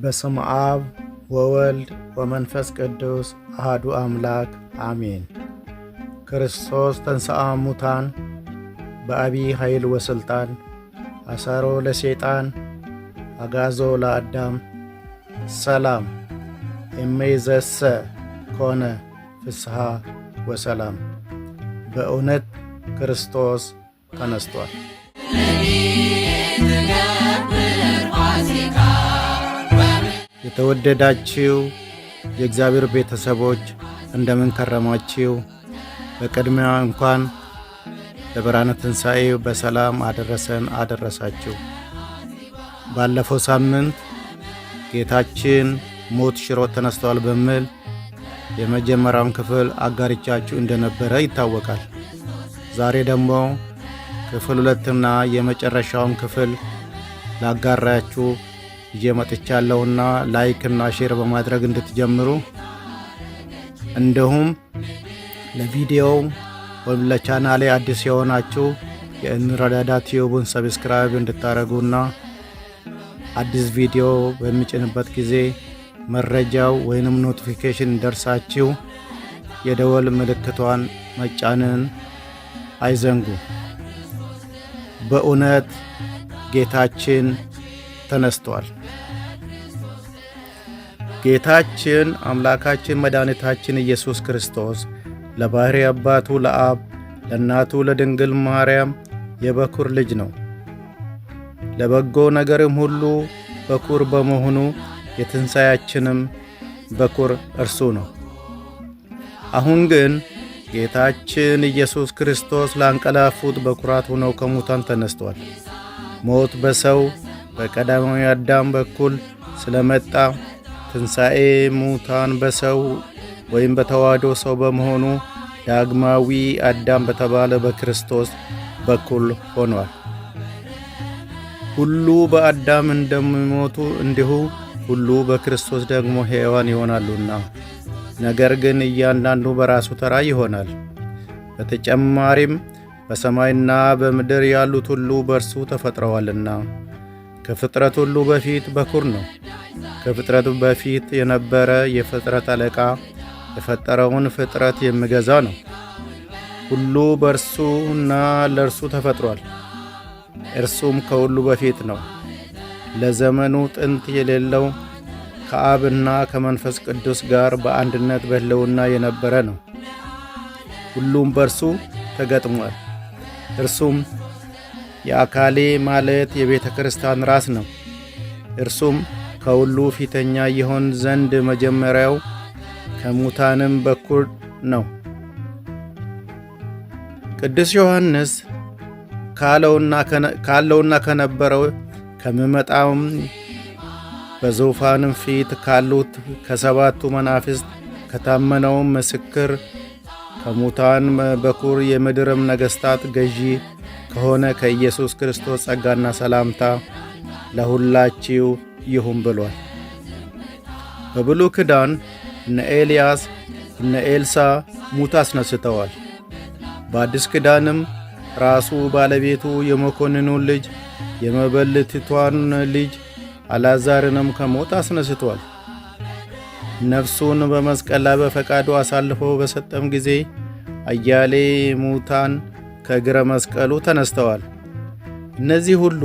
በስም አብ ወወልድ ወመንፈስ ቅዱስ አህዱ አምላክ አሜን። ክርስቶስ ተንሥአ እሙታን በአቢይ ኃይል ወሥልጣን አሰሮ ለሰይጣን አግዓዞ ለአዳም ሰላም እምይእዜሰ ኮነ ፍስሐ ወሰላም። በእውነት ክርስቶስ ተነስቷል። የተወደዳችው የእግዚአብሔር ቤተሰቦች እንደምን ከረማችሁ በቅድሚያ እንኳን ለብርሃነ ትንሣኤ በሰላም አደረሰን አደረሳችሁ። ባለፈው ሳምንት ጌታችን ሞት ሽሮ ተነስተዋል በሚል የመጀመሪያውን ክፍል አጋሪቻችሁ እንደነበረ ይታወቃል። ዛሬ ደግሞ ክፍል ሁለትና የመጨረሻውን ክፍል ላጋራያችሁ ይዤ መጥቻለሁና ላይክ እና ሼር በማድረግ እንድትጀምሩ እንዲሁም ለቪዲዮው ወይም ለቻናሌ አዲስ የሆናችሁ የእንረዳዳ ቲዩቡን ሰብስክራይብ እንድታደረጉና አዲስ ቪዲዮ በሚጭንበት ጊዜ መረጃው ወይንም ኖቲፊኬሽን ደርሳችሁ የደወል ምልክቷን መጫንን አይዘንጉ። በእውነት ጌታችን ተነስቷል። ጌታችን አምላካችን መድኃኒታችን ኢየሱስ ክርስቶስ ለባሕርይ አባቱ ለአብ ለእናቱ ለድንግል ማርያም የበኩር ልጅ ነው። ለበጎ ነገርም ሁሉ በኩር በመሆኑ የትንሣያችንም በኩር እርሱ ነው። አሁን ግን ጌታችን ኢየሱስ ክርስቶስ ላንቀላፉት በኩራት ሆነው ከሙታን ተነስቷል። ሞት በሰው በቀዳማዊ አዳም በኩል ስለመጣ ትንሣኤ ሙታን በሰው ወይም በተዋህዶ ሰው በመሆኑ ዳግማዊ አዳም በተባለ በክርስቶስ በኩል ሆኗል። ሁሉ በአዳም እንደሚሞቱ እንዲሁ ሁሉ በክርስቶስ ደግሞ ሕያዋን ይሆናሉና፣ ነገር ግን እያንዳንዱ በራሱ ተራ ይሆናል። በተጨማሪም በሰማይና በምድር ያሉት ሁሉ በእርሱ ተፈጥረዋልና ከፍጥረት ሁሉ በፊት በኩር ነው። ከፍጥረቱ በፊት የነበረ የፍጥረት አለቃ የፈጠረውን ፍጥረት የሚገዛ ነው። ሁሉ በእርሱና ለእርሱ ተፈጥሯል። እርሱም ከሁሉ በፊት ነው። ለዘመኑ ጥንት የሌለው ከአብና ከመንፈስ ቅዱስ ጋር በአንድነት በሕልውና የነበረ ነው። ሁሉም በእርሱ ተገጥሟል። እርሱም የአካሌ ማለት የቤተ ክርስቲያን ራስ ነው። እርሱም ከሁሉ ፊተኛ ይሆን ዘንድ መጀመሪያው ከሙታንም በኩር ነው። ቅዱስ ዮሐንስ ካለውና ከነበረው ከምመጣውም በዙፋንም ፊት ካሉት ከሰባቱ መናፍስት ከታመነው ምስክር ከሙታን በኩር የምድርም ነገሥታት ገዢ ከሆነ ከኢየሱስ ክርስቶስ ጸጋና ሰላምታ ለሁላችሁ ይሁን ብሏል። በብሉ ክዳን እነ ኤልያስ እነ ኤልሳ ሙት አስነስተዋል። በአዲስ ክዳንም ራሱ ባለቤቱ የመኮንኑን ልጅ የመበልትቷን ልጅ አላዛርንም ከሞት አስነስቷል። ነፍሱን በመስቀል ላይ በፈቃዱ አሳልፎ በሰጠም ጊዜ አያሌ ሙታን ከእግረ መስቀሉ ተነስተዋል። እነዚህ ሁሉ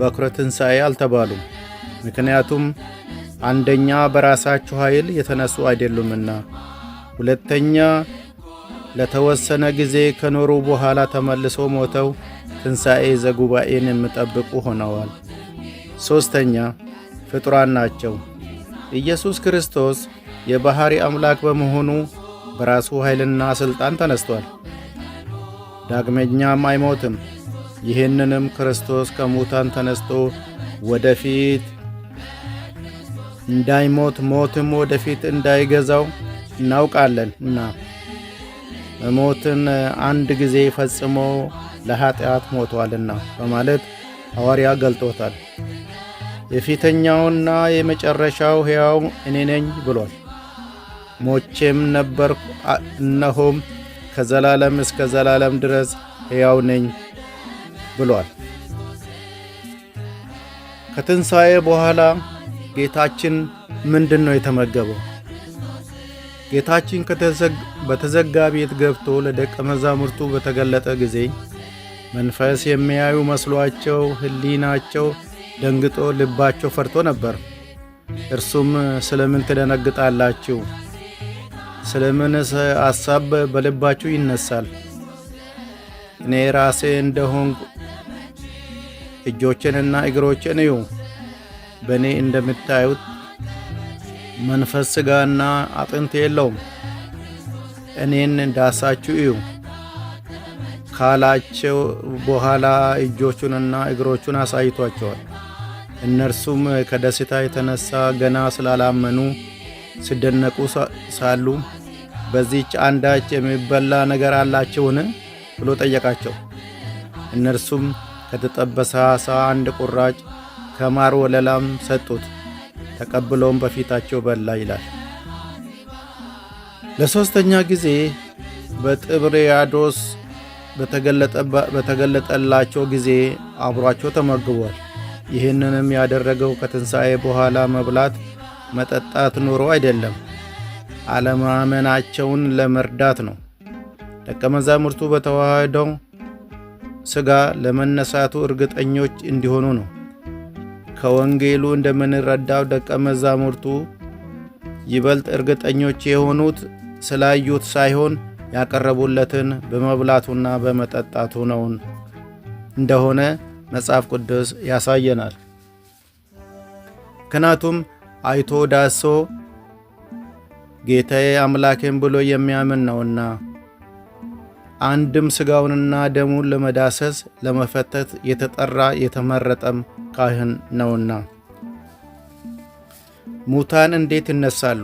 በኩረ ትንሣኤ አልተባሉም። ምክንያቱም አንደኛ በራሳችሁ ኃይል የተነሱ አይደሉምና፣ ሁለተኛ ለተወሰነ ጊዜ ከኖሩ በኋላ ተመልሶ ሞተው ትንሣኤ ዘጉባኤን የሚጠብቁ ሆነዋል። ሦስተኛ ፍጡራን ናቸው። ኢየሱስ ክርስቶስ የባሕሪ አምላክ በመሆኑ በራሱ ኃይልና ሥልጣን ተነስቷል። ዳግመኛም አይሞትም። ይህንንም ክርስቶስ ከሙታን ተነስቶ ወደፊት እንዳይሞት ሞትም ወደፊት እንዳይገዛው እናውቃለን እና ሞትን አንድ ጊዜ ፈጽሞ ለኃጢአት ሞቷልና በማለት ሐዋርያ ገልጦታል። የፊተኛውና የመጨረሻው ሕያው እኔ ነኝ ብሏል። ሞቼም ነበር እነሆም ከዘላለም እስከ ዘላለም ድረስ ሕያው ነኝ ብሏል። ከትንሣኤ በኋላ ጌታችን ምንድን ነው የተመገበው? ጌታችን በተዘጋ ቤት ገብቶ ለደቀ መዛሙርቱ በተገለጠ ጊዜ መንፈስ የሚያዩ መስሏቸው ሕሊናቸው ደንግጦ ልባቸው ፈርቶ ነበር። እርሱም ስለምን ትደነግጣላችሁ? ስለምንስ አሳብ በልባችሁ ይነሳል? እኔ ራሴ እንደሆንኩ እጆቼንና እግሮቼን እዩ በእኔ እንደምታዩት መንፈስ ሥጋና አጥንት የለውም። እኔን ዳሳችሁ እዩ ካላቸው በኋላ እጆቹንና እግሮቹን አሳይቷቸዋል። እነርሱም ከደስታ የተነሳ ገና ስላላመኑ ሲደነቁ ሳሉ በዚች አንዳች የሚበላ ነገር አላቸውን ብሎ ጠየቃቸው። እነርሱም ከተጠበሰ ዓሣ አንድ ቁራጭ ከማር ወለላም ሰጡት፣ ተቀብሎም በፊታቸው በላ ይላል። ለሦስተኛ ጊዜ በጥብርያዶስ በተገለጠላቸው ጊዜ አብሯቸው ተመግቧል። ይህንንም ያደረገው ከትንሣኤ በኋላ መብላት መጠጣት ኑሮ አይደለም፣ አለማመናቸውን ለመርዳት ነው። ደቀ መዛሙርቱ በተዋህደው ሥጋ ለመነሳቱ እርግጠኞች እንዲሆኑ ነው። ከወንጌሉ እንደምንረዳው ደቀ መዛሙርቱ ይበልጥ እርግጠኞች የሆኑት ስላዩት ሳይሆን ያቀረቡለትን በመብላቱና በመጠጣቱ ነው እንደሆነ መጽሐፍ ቅዱስ ያሳየናል። ምክንያቱም አይቶ ዳሶ ጌታዬ አምላኬም ብሎ የሚያምን ነውና። አንድም ሥጋውንና ደሙን ለመዳሰስ ለመፈተት የተጠራ የተመረጠም ካህን ነውና። ሙታን እንዴት ይነሳሉ?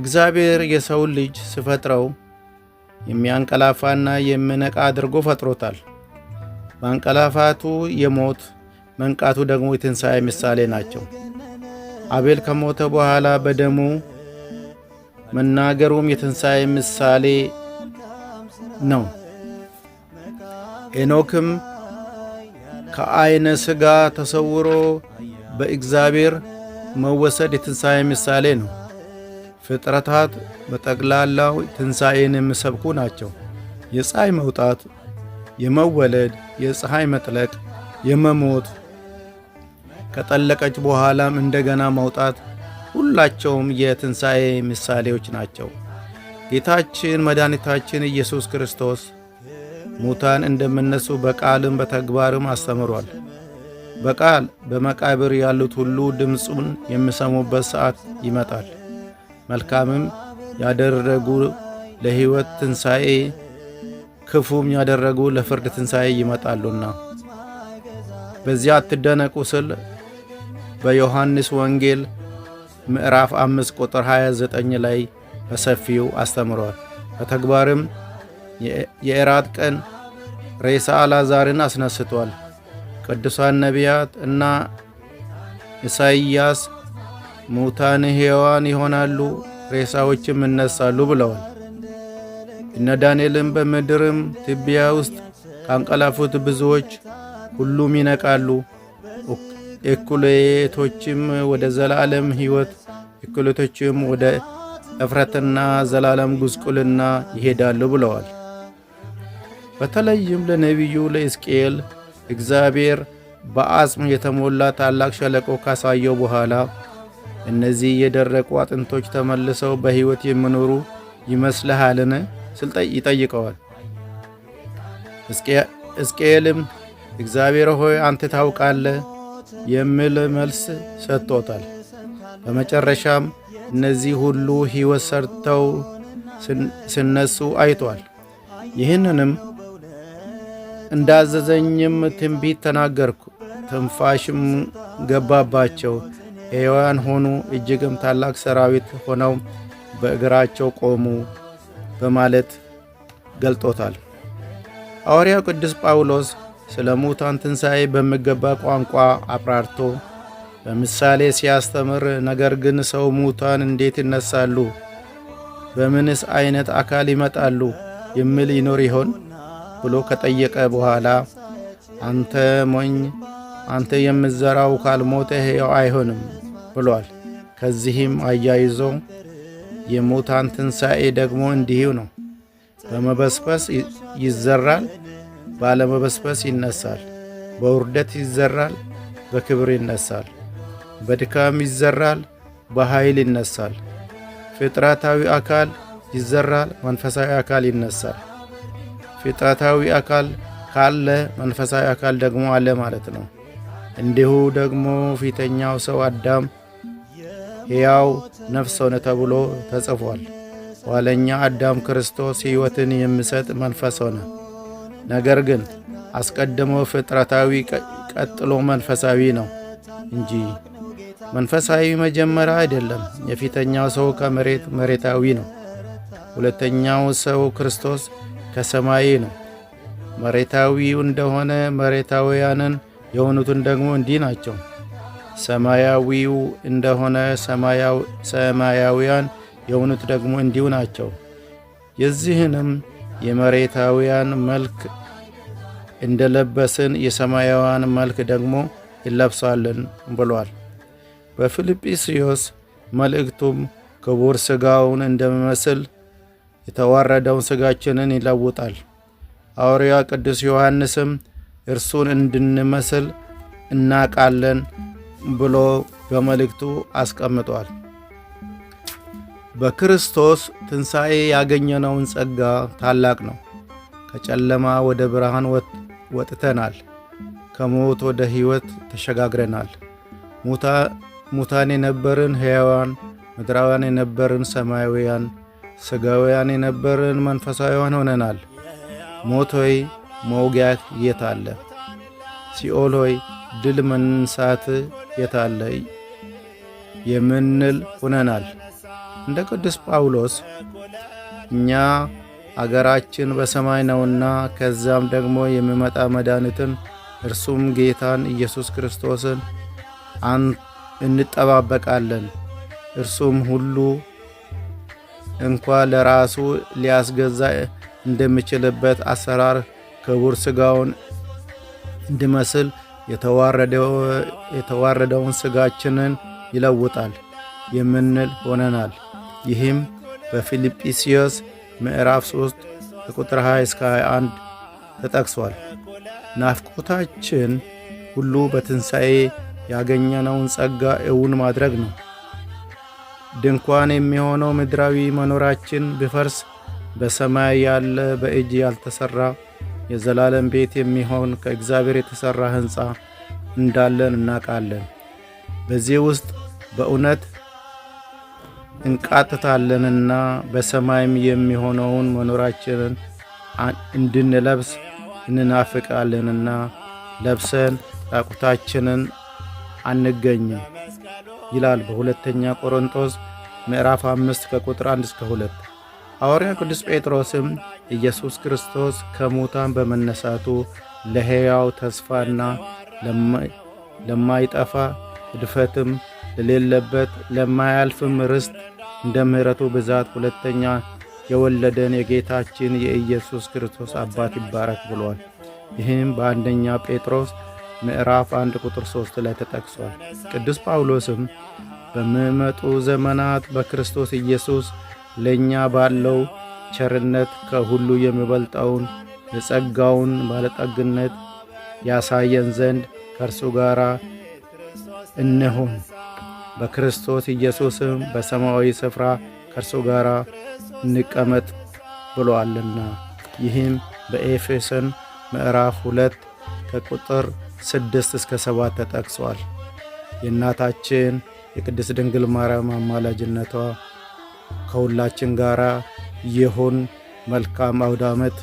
እግዚአብሔር የሰው ልጅ ሲፈጥረው የሚያንቀላፋና የሚነቃ አድርጎ ፈጥሮታል። ማንቀላፋቱ የሞት መንቃቱ ደግሞ የትንሣኤ ምሳሌ ናቸው። አቤል ከሞተ በኋላ በደሙ መናገሩም የትንሣኤ ምሳሌ ነው። ኤኖክም ከዐይነ ሥጋ ተሰውሮ በእግዚአብሔር መወሰድ የትንሣኤ ምሳሌ ነው። ፍጥረታት በጠቅላላው ትንሣኤን የሚሰብኩ ናቸው። የፀሐይ መውጣት፣ የመወለድ፣ የፀሐይ መጥለቅ፣ የመሞት ከጠለቀች በኋላም እንደገና መውጣት ሁላቸውም የትንሣኤ ምሳሌዎች ናቸው። ጌታችን መድኃኒታችን ኢየሱስ ክርስቶስ ሙታን እንደምነሱ በቃልም በተግባርም አስተምሯል። በቃል በመቃብር ያሉት ሁሉ ድምፁን የሚሰሙበት ሰዓት ይመጣል። መልካምም ያደረጉ ለሕይወት ትንሣኤ፣ ክፉም ያደረጉ ለፍርድ ትንሣኤ ይመጣሉና በዚያ አትደነቁ ስል በዮሐንስ ወንጌል ምዕራፍ አምስት ቁጥር 29 ላይ በሰፊው አስተምሯል። በተግባርም የእራት ቀን ሬሳ አልዓዛርን አስነስቷል። ቅዱሳን ነቢያት እና ኢሳይያስ ሙታን ሕያዋን ይሆናሉ፣ ሬሳዎችም ይነሳሉ ብለዋል። እነ ዳንኤልም በምድርም ትቢያ ውስጥ ካንቀላፉት ብዙዎች ሁሉም ይነቃሉ፣ እኩሌቶችም ወደ ዘላለም ሕይወት እኩሌቶችም ወደ እፍረትና ዘላለም ጉስቁልና ይሄዳሉ ብለዋል። በተለይም ለነቢዩ ለሕዝቅኤል እግዚአብሔር በአጽም የተሞላ ታላቅ ሸለቆ ካሳየው በኋላ እነዚህ የደረቁ አጥንቶች ተመልሰው በሕይወት የሚኖሩ ይመስልሃልን? ስል ይጠይቀዋል። ሕዝቅኤልም እግዚአብሔር ሆይ አንተ ታውቃለህ የሚል መልስ ሰጥቶታል። በመጨረሻም እነዚህ ሁሉ ሕይወት ሰርተው ሲነሱ አይቷል። ይህንንም እንዳዘዘኝም ትንቢት ተናገርኩ። ትንፋሽም ገባባቸው፣ ሕያዋን ሆኑ፣ እጅግም ታላቅ ሰራዊት ሆነው በእግራቸው ቆሙ በማለት ገልጦታል። ሐዋርያው ቅዱስ ጳውሎስ ስለ ሙታን ትንሣኤ በሚገባ ቋንቋ አብራርቶ በምሳሌ ሲያስተምር፣ ነገር ግን ሰው ሙታን እንዴት ይነሳሉ? በምንስ አይነት አካል ይመጣሉ? የሚል ይኖር ይሆን ብሎ ከጠየቀ በኋላ አንተ ሞኝ፣ አንተ የምዘራው ካልሞተ ሕያው አይሆንም ብሏል። ከዚህም አያይዞ የሙታን ትንሣኤ ደግሞ እንዲህ ነው። በመበስበስ ይዘራል፣ ባለመበስበስ ይነሳል። በውርደት ይዘራል፣ በክብር ይነሳል። በድካም ይዘራል፣ በኃይል ይነሳል። ፍጥረታዊ አካል ይዘራል፣ መንፈሳዊ አካል ይነሳል። ፍጥረታዊ አካል ካለ መንፈሳዊ አካል ደግሞ አለ ማለት ነው። እንዲሁ ደግሞ ፊተኛው ሰው አዳም ሕያው ነፍስ ሆነ ተብሎ ተጽፏል። ኋለኛ አዳም ክርስቶስ ሕይወትን የሚሰጥ መንፈስ ሆነ። ነገር ግን አስቀድሞ ፍጥረታዊ ቀጥሎ መንፈሳዊ ነው እንጂ መንፈሳዊ መጀመሪያ አይደለም። የፊተኛው ሰው ከመሬት መሬታዊ ነው። ሁለተኛው ሰው ክርስቶስ ከሰማይ ነው። መሬታዊው እንደሆነ መሬታውያንን የሆኑትን ደግሞ እንዲህ ናቸው። ሰማያዊው እንደሆነ ሰማያውያን የሆኑት ደግሞ እንዲሁ ናቸው። የዚህንም የመሬታውያን መልክ እንደለበስን የሰማያውያን መልክ ደግሞ ይለብሳለን ብሏል። በፊልጵስዩስ መልእክቱም ክቡር ሥጋውን እንደሚመስል የተዋረደውን ሥጋችንን ይለውጣል። ሐዋርያው ቅዱስ ዮሐንስም እርሱን እንድንመስል እናቃለን ብሎ በመልእክቱ አስቀምጧል። በክርስቶስ ትንሣኤ ያገኘነውን ጸጋ ታላቅ ነው። ከጨለማ ወደ ብርሃን ወጥተናል። ከሞት ወደ ሕይወት ተሸጋግረናል። ሙታን የነበርን ሕያዋን፣ ምድራውያን የነበርን ሰማያውያን፣ ሥጋውያን የነበርን መንፈሳውያን ሆነናል። ሞት ሆይ መውጊያት የት አለ? ሲኦል ሆይ ድል መንሳት የት አለ የምንል ሆነናል። እንደ ቅዱስ ጳውሎስ እኛ አገራችን በሰማይ ነውና ከዚያም ደግሞ የሚመጣ መድኃኒትን እርሱም ጌታን ኢየሱስ ክርስቶስን አንተ እንጠባበቃለን። እርሱም ሁሉ እንኳ ለራሱ ሊያስገዛ እንደሚችልበት አሰራር ክቡር ሥጋውን እንዲመስል የተዋረደውን ሥጋችንን ይለውጣል የምንል ሆነናል። ይህም በፊልጵስዮስ ምዕራፍ 3 ከቁጥር 20 እስከ 21 ተጠቅሷል። ናፍቆታችን ሁሉ በትንሣኤ ያገኘነውን ጸጋ እውን ማድረግ ነው። ድንኳን የሚሆነው ምድራዊ መኖራችን ቢፈርስ በሰማይ ያለ በእጅ ያልተሠራ የዘላለም ቤት የሚሆን ከእግዚአብሔር የተሠራ ሕንፃ እንዳለን እናውቃለን። በዚህ ውስጥ በእውነት እንቃጥታለንና በሰማይም የሚሆነውን መኖራችንን እንድንለብስ እንናፍቃለንና ለብሰን ራቁታችንን አንገኝ ይላል በሁለተኛ ቆሮንቶስ ምዕራፍ 5 ከቁጥር 1 እስከ 2። ሐዋርያው ቅዱስ ጴጥሮስም ኢየሱስ ክርስቶስ ከሙታን በመነሳቱ ለሕያው ተስፋና ለማይጠፋ እድፈትም ለሌለበት ለማያልፍም ርስት እንደ ምሕረቱ ብዛት ሁለተኛ የወለደን የጌታችን የኢየሱስ ክርስቶስ አባት ይባረክ ብሏል። ይህም በአንደኛ ጴጥሮስ ምዕራፍ 1 ቁጥር 3 ላይ ተጠቅሷል። ቅዱስ ጳውሎስም በሚመጡ ዘመናት በክርስቶስ ኢየሱስ ለእኛ ባለው ቸርነት ከሁሉ የሚበልጠውን የጸጋውን ባለጠግነት ያሳየን ዘንድ ከእርሱ ጋር እንሁን። በክርስቶስ ኢየሱስም በሰማያዊ ስፍራ ከእርሱ ጋር እንቀመጥ ብሎአልና። ይህም በኤፌሰን ምዕራፍ ሁለት ከቁጥር ስድስት እስከ ሰባት ተጠቅሷል። የእናታችን የቅድስት ድንግል ማርያም አማላጅነቷ ከሁላችን ጋር ይሁን። መልካም አውደ ዓመት።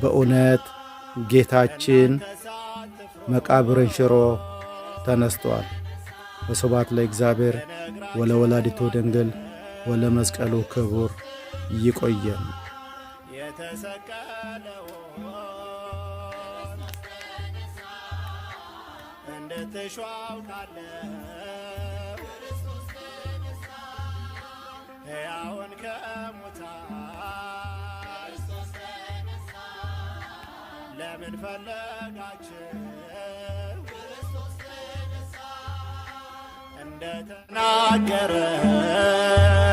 በእውነት ጌታችን መቃብርን ሽሮ ተነስቷል። በሰባት ለእግዚአብሔር ወላዲቱ ድንግል ወለ መስቀሉ ክቡር። የተሰቀለው እንደ ተሿውቃለው ክርስቶስ ተነሳ ሕያውን ከሙታን ለምን ፈለጋችሁ ክርስቶስ